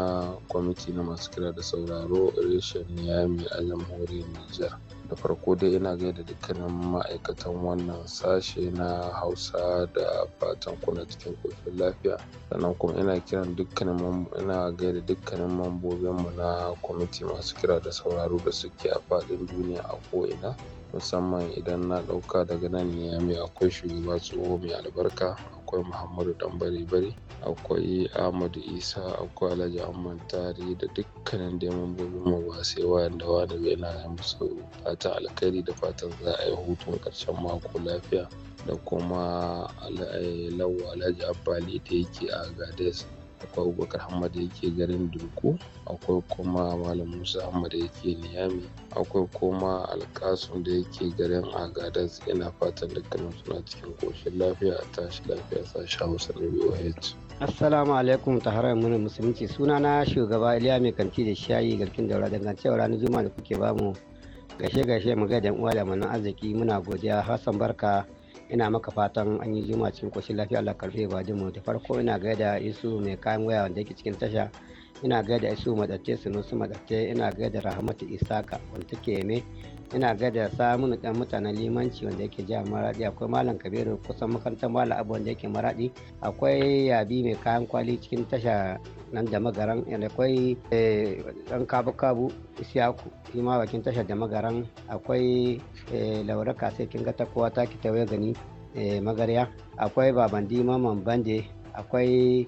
kwamiti na masu kira da sauraro reshen Niyami a jamhuriyar Nijar. da farko dai ina gaida dukkanin ma'aikatan wannan sashe na hausa da fatan kuna cikin kofin lafiya sannan kuma ina kiran dukkanin ina gaida dukkanin mambobinmu na kwamiti masu kira da sauraro da suke a faɗin duniya a ko ina musamman idan na ɗauka daga nan mai akwai shugaba tsoho mai albarka akwai muhammadu ɗan bari akwai ahmadu isa akwai alhaji ahmad tari da dukkanin da mambobin mu ba sai wanda da yana yi musu fatan alkhairi da fatan za a yi hutun karshen mako lafiya da kuma eh, lawa alhaji abbali da yake a gades akwai abubakar hamad da yake garin durko akwai kuma malam musa hamad da yake niyami akwai kuma alkasun da yake garin agadas ina fatan dukkanin suna cikin koshin lafiya a tashi lafiya sashi hausa na boh assalamu alaikum taharar muna musulunci sunana shugaba iliya mai kanti da shayi garkin daura dangancewa ranar juma'a da kuke bamu gashe gashe mu ga uwa da manan arziki muna godiya hassan barka ina maka fatan an yi juma cikin koshin lafiya Allah karfe ba mu da farko ina gaida isu mai kayan waya wanda yake cikin tasha ina gaida isu madatte su madatte ina gaida rahmatu isaka wanda take yame ina gada samun dan mutanen limanci wanda yake jihar maradi akwai malam kabiru kusan makarantar Mala abu wanda yake maradi akwai yabi mai kayan kwali cikin tasha nan da magaran akwai dan eh, kabu kabu isiyaku shi ma bakin tasha da magaran akwai eh, laura sai kin ga kowa ta ki tawaye gani eh, magarya akwai baban dima bande akwai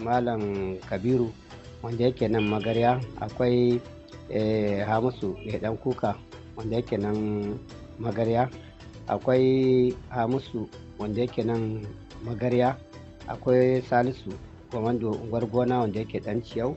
malam kabiru wanda yake nan magarya akwai Eh, hamisu mai dan kuka wanda yake nan magarya akwai hamisu wanda yake nan magarya akwai salisu kwamando unguwar gona wanda yake dan ciyau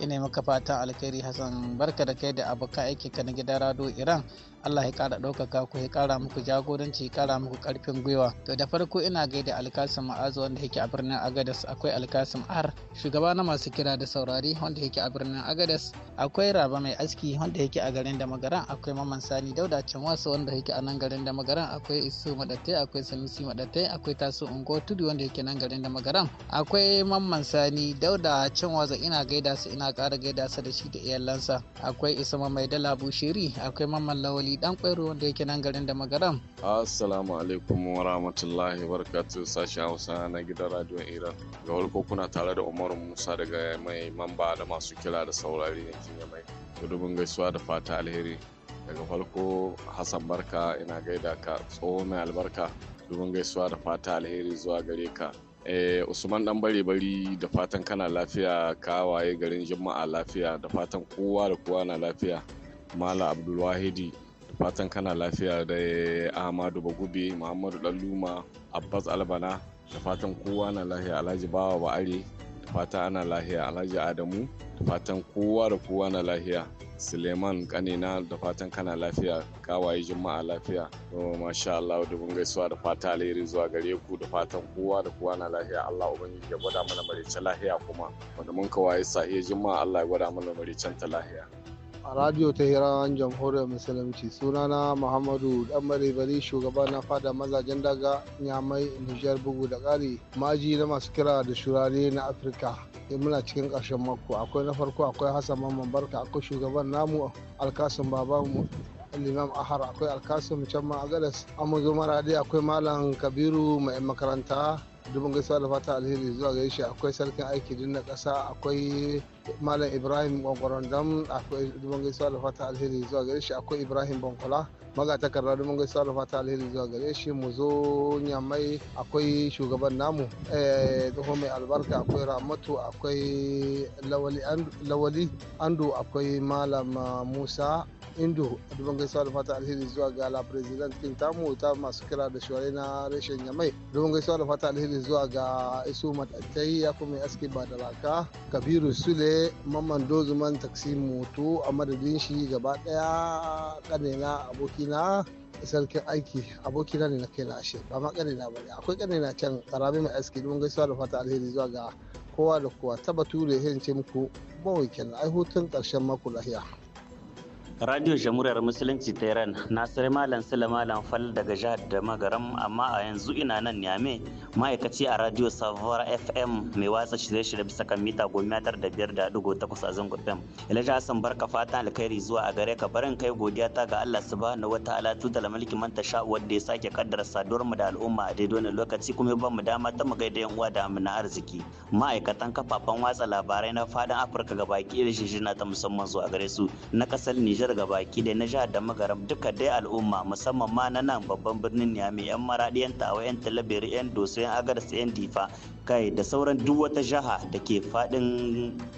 ina maka fatan alkhairi hassan barka da kai da abokan aiki ka na gidan rado iran Allah ya kara ɗaukaka ku ya kara muku jagoranci ya kara muku karfin gwiwa to da farko ina gaida alkasim ma'azu wanda yake a birnin agadas akwai alkasim ar shugaba na masu kira da saurari wanda yake a birnin agadas akwai raba mai aski wanda yake a garin da magaran akwai maman sani dauda wasu wanda yake a nan garin da magaran akwai isu madatai akwai sanusi madatai akwai tasu ungo tudu wanda yake nan garin da magaran akwai maman sani dauda canwaza ina gaida su ina kara gaida su da shi da iyalansa akwai isa mai dala bushiri akwai mamman lawali dan kwairo wanda yake nan garin da magaram assalamu alaikum wa rahmatullahi wa barakatuh sashen hausa na gida radio iran ga farko kuna tare da umaru musa daga mai mamba da masu kira da saurari yankin mai gudubin gaisuwa da fata alheri daga farko hassan barka ina gaida ka tsoho mai albarka gudubin gaisuwa da fata alheri zuwa gare ka eh, usman dan bare bari da fatan kana lafiya ka waye garin juma'a lafiya da fatan kowa da kowa na lafiya mala abdulwahidi fatan kana lafiya da ahmadu bagube muhammadu ɗanluma abbas albana da fatan kowa na lahiya alhaji bawa ba'are da fatan ana lahiya alhaji adamu da fatan kowa da kowa na lahiya suleiman kanina da fatan kana lafiya kawaye juma'a lafiya to masha Allah dubun gaisuwa da fata alheri zuwa gare ku da fatan kowa da kowa na lafiya Allah ubangiji ya gwada mana maricin lafiya kuma wanda mun kawaye sahiya juma'a Allah ya gwada mana maricin ta lafiya A radio ta hiran jamhuriyar musulunci sunana muhammadu dan bari shugaba na fada mazajen daga nyamai nijar bugu da ƙari maji na masu kira da shurare na afirka eh, muna cikin ƙarshen mako akwai na farko akwai hassan mamman barka akwai shugaban namu alkasun babanmu limam ahar akwai alkasun can ma agadas amma maradi akwai malam kabiru mai makaranta dubin gaisuwa da fata alheri zuwa gaishe akwai sarkin aiki dinna na ƙasa akwai malam ibrahim gwangwaron dam akwai dubban gaisuwa da fata alheri zuwa gare shi akwai ibrahim bankola magatakarda dubban gaisuwa da fata alheri zuwa gare shi mu zo nyamai akwai shugaban namu eh, tsoho mai albarka akwai ramatu akwai lawali andu akwai malam ah, musa indo dubban gaisuwa da fata alheri zuwa ga la president king tamu ta masu kira da shuwarai na reshen yamai dubban gaisuwa da fata alheri zuwa ga isu matattai ya kuma aski ba da laka kabiru sule mamman dozuman taksi moto a madadin shi gaba daya kanina abokina sarkin aiki abokina ne na kai na ashe ba ma kanina ba ne akwai kanina can karami mai aski dubban gaisuwa da fata alheri zuwa ga kowa da kowa tabbatu da ya muku ba weekend ai hutun karshen mako lahiya Radio Jamhuriyar Musulunci Tehran Nasir Malam Sule Malam Fal daga jihar da amma a yanzu ina nan Niamey ma'aikaci a Radio Savar FM mai watsa shirye-shirye bisa kan mita goma da biyar da takwas a zango FM. Ilaji Hassan barka fatan alkhairi zuwa a gare ka barin kai godiya ta ga Allah subhanahu wa ta'ala tutal mulki man sha wanda ya sake kaddara saduwar mu da al'umma a daidai wannan lokaci kuma ba mu dama ta mu gaida yan uwa da mu na arziki. Ma'aikatan kafafen watsa labarai na fadan Afirka gabaki da shirye na ta musamman zuwa gare su na kasar Nijar Nijar ga baki da na jihar da magaram duka dai al'umma musamman ma na nan babban birnin Niamey yan maradi yan tawa yan talabiri yan doso yan agadas yan difa kai da sauran duk wata jaha da ke faɗin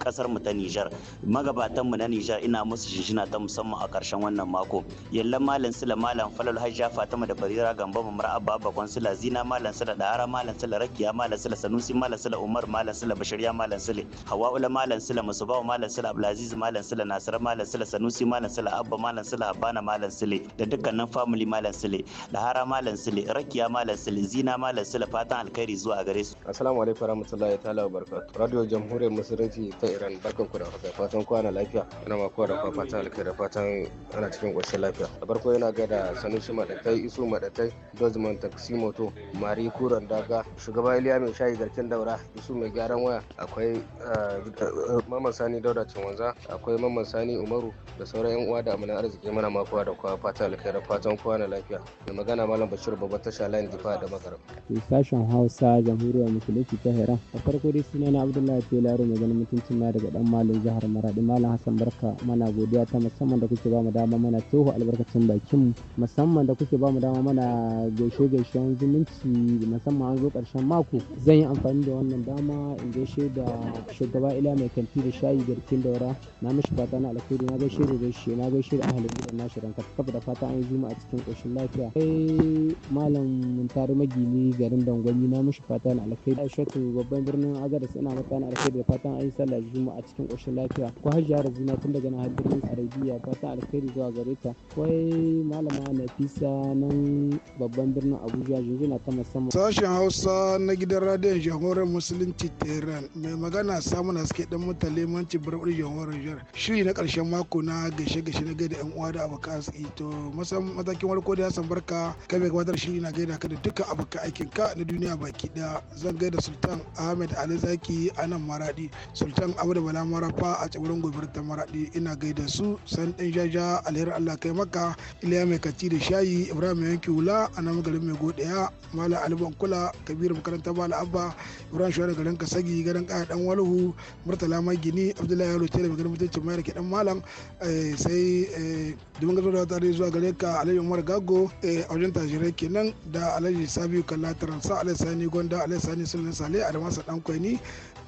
kasar mu ta Nijar magabatan mu na Nijar ina musu shinshina ta musamman a ƙarshen wannan mako yalla malam sula malam falal hajja fatima da barira gamba mar'a abba kon sula zina malam sula dahara malam sula rakiya malam sula sanusi malam sula umar malam sula bashariya malam sula Ula malam sula musuba malam sula abdulaziz malam sula nasir malam sula sanusi malam sula abba malam sula habana malam sula da dukkanin family malam sula dahara malam sula rakiya malam sula zina malam sula fatan alkhairi zuwa gare su assalamu Assalamu alaikum warahmatullahi ta'ala barakatuh Radio Jamhuriyar Musulunci ta Iran barkan ku da haka fatan kwana lafiya. Ina ma kowa da fatan alkai da fatan ana cikin ƙoshin lafiya. Da farko yana ga da Sanusi Madatai, Isu Madatai, Dozman Taksimoto, Mari Kuran Daga, Shugaba Iliya Mai Shayi Garkin Daura, Isu Mai Gyaran Waya, akwai eh, Mamman Sani Dauda Cinwanza, akwai Mamman Sani Umaru da sauran 'yan uwa da amina arziki mana ma kowa da kowa fatan alkai da fatan kwana lafiya. Mai magana Malam Bashir Babban Tasha Layin jifa da Magaram. Sashen Hausa Jamhuriyar Musulunci musulunci ta Iran. a farko dai suna na Abdullahi Felaro mai ganin mutuncin na daga dan Malam Zahar Maradi Malam Hassan Barka mana godiya ta musamman da kuke ba mu dama mana toho albarkacin bakin mu musamman da kuke ba mu dama mana gaishe gaishen zumunci musamman an zo karshen mako zan yi amfani da wannan dama in gaishe da shugaba ila mai kanti da shayi garkin daura na mishi fata na alkhairi na gaishe da gaishe na gaishe da ahalin gidan nashi ranka kafa da fata an yi a cikin koshin lafiya kai malam muntari magini garin dangwani na mishi fata na alkhairi Aishatu babban birnin Agadas ina maka na alkhairi da fatan an yi sallah juma'a cikin ƙoshin lafiya ko har jihar Zina tun daga nan har birnin Arabiya fatan alkhairi zuwa gare ta kwai malama Nafisa nan babban birnin Abuja jinjina ta musamman sashen Hausa na gidan radiyon jamhuriyar musulunci Tehran mai magana samun haske dan mutale manci birnin jamhuriyar jihar shiri na ƙarshen mako na gashe gashe na gaida yan uwa da abokan arziki to musamman matakin warko da ya san barka kai mai gabatar shiri na gaida ka da dukkan abokan aikin ka na duniya baki daya zan gaida sultan ahmed ali zaki a nan maradi sultan abu da bala marafa a tsibirin gobir ta maradi ina gaida su san ɗan jaja alherin allah kai maka iliya mai kati da shayi ibrahim yanki wula a nan garin mai godiya mala aliban kula kabiru makaranta bala abba ibrahim shawara garin kasagi garin kaya dan walhu murtala mai gini abdullahi yalo tele mai garin mutuncin mayar ke dan malam eh, sai eh, domin gazo da tare zuwa gare ka alayyar umar gago eh, a wajen tajirai kenan da alayyar sabiu kalla taransa alhaji sani gonda alhaji sani sun Sani Sale Adamasa Dankwaini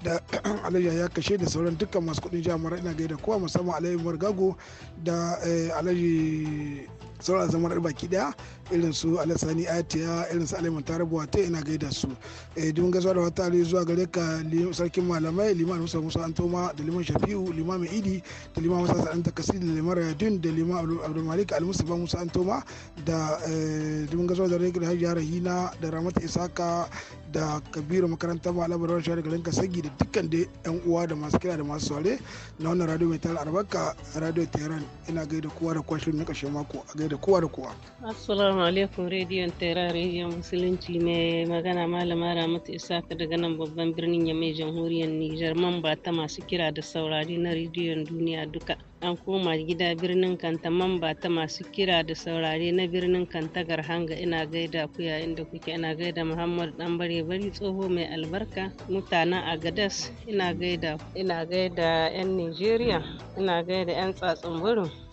da Alayya ya kashe da sauran dukkan masu kudin jihar Mara ina gaida kowa musamman alayyar Margago da eh, alayyar sauran da baki daya irin su alasani atiya irin su aliman tarabuwa ta ina gaida su eh dun gaisuwa da wata ali zuwa gare ka sarkin malamai liman musa musa antoma da liman shafi'u liman mai idi da liman musa sa'an takasi da liman rayadun da liman abdulmalik almusufa musa antoma da eh, dun gaisuwa da rege da hajiya rahina da ramata isaka da kabiru makaranta malabar rawar shari'a garin kasagi da dukkan da yan uwa da masu kira da masu saurare na wannan radio mai tara arabaka radio tehran ina gaida kowa da kwashin na kashe mako a gaida da kowa da kowa. Assalamu alaikum rediyon tera rediyon musulunci mai magana malama Ramatu isa ta daga nan babban birnin Yamai jamhuriyar Nijar man ba ta masu kira da saurari na rediyon duniya duka. An koma gida birnin Kanta man ba ta masu kira da saurari na birnin Kanta hanga ina gaida ku yayin da kuke ina gaida Muhammad Dan Bare Bari tsoho mai albarka mutanen Agadas ina gaida ina gaida 'yan Nijeriya ina gaida 'yan tsatsun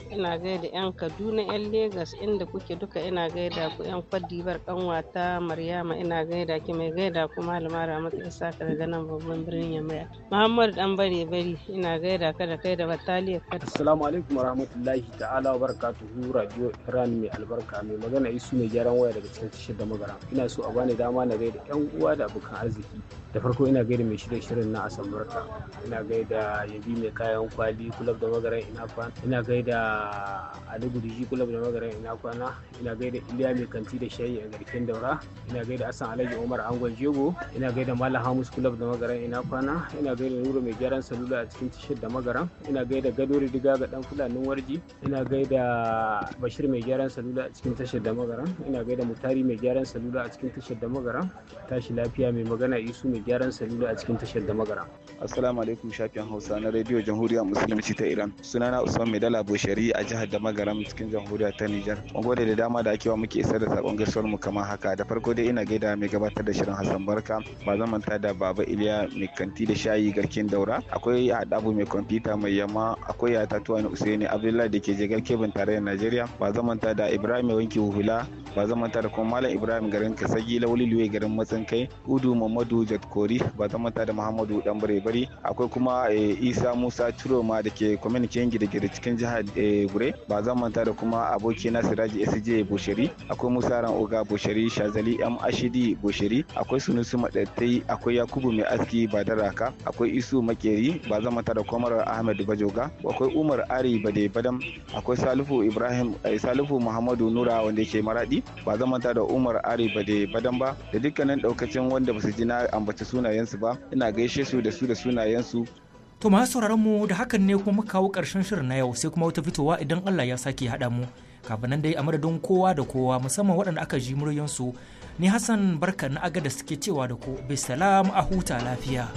ina gaida 'yan kaduna 'yan Legas inda kuke duka ina gaida ku 'yan kwadibar kanwata maryama ina gaida ki mai gaida ku malama ramatu isa daga nan babban birnin yamaya muhammad dan bare bari ina gaida ka da kai da battaliya ka assalamu alaikum warahmatullahi ta'ala wabarakatuhu radio iran mai albarka mai magana isu mai gyaran waya daga cikin tashar da magara ina so a bani dama na gaida 'yan uwa da abokan arziki da farko ina gaida mai shirye shirin na asambarka ina gaida yabi mai kayan kwali kulab da magaran ina ina gaida Ali Gurji kulob da Magaran ina kwana ina gaida Iliya mai kanti da shayi a garkin daura ina gaida Asan Alhaji Umar Angon Jego ina gaida Malam Hamus kulob da Magaran ina kwana ina gaida Nuru mai gyaran salula a cikin tashar da Magaran ina gaida Gado diga ga dan Fulanin Warji ina gaida Bashir mai gyaran salula a cikin tashar da Magaran ina gaida Mutari mai gyaran salula a cikin tashar da Magaran tashi lafiya mai magana Isu mai gyaran salula a cikin tashar da Magaran Assalamu alaikum shafin Hausa na Radio Jamhuriyar Musulunci ta Iran sunana Usman Medala Boshari a jihar Damagaram cikin jamhuriyar ta Nijar. Mun gode da dama da ake wa muke isar da sakon gaisuwar mu kamar haka. Da farko dai ina gaida mai gabatar da shirin Hassan Barka, ba zan manta da Baba Iliya mai kanti da shayi garkin daura. Akwai Adabu mai kwamfuta mai yamma, akwai ya Yatatuwa Usaini Abdullahi da ke jigar Kebin tarayyar Najeriya. Ba zan manta da Ibrahim wanki huhula ba zan ta da kuma malam ibrahim garin kasagi lauli luwe garin matsin kai udu mamadu jatkori ba zan ta da muhammadu dan bare akwai kuma eh, isa musa turoma da ke kwamitin gida-gida cikin jihar eh, gure ba zan ta da kuma Aboki na siraji sj bushiri akwai musa ran oga bushiri shazali m ashidi bushiri akwai sunusu madattai akwai yakubu mai aski badaraka akwai isu makeri ba zan ta da Komar ahmed bajoga akwai umar ari bade badam akwai salifu ibrahim eh, salifu muhammadu nura wanda yake maradi ba zan manta da Umar Ari da Badan ba da dukkanin daukacin wanda ba su ji na ambaci sunayensu ba ina gaishe su da su da sunayensu To masu sauraron mu da hakan ne kuma muka kawo karshen shirin na yau sai kuma wata fitowa idan Allah ya sake haɗa mu. Kafin nan dai a madadin kowa da kowa musamman waɗanda aka ji muryansu ni Hassan Barka na agada suke cewa da ku bisalam a huta lafiya.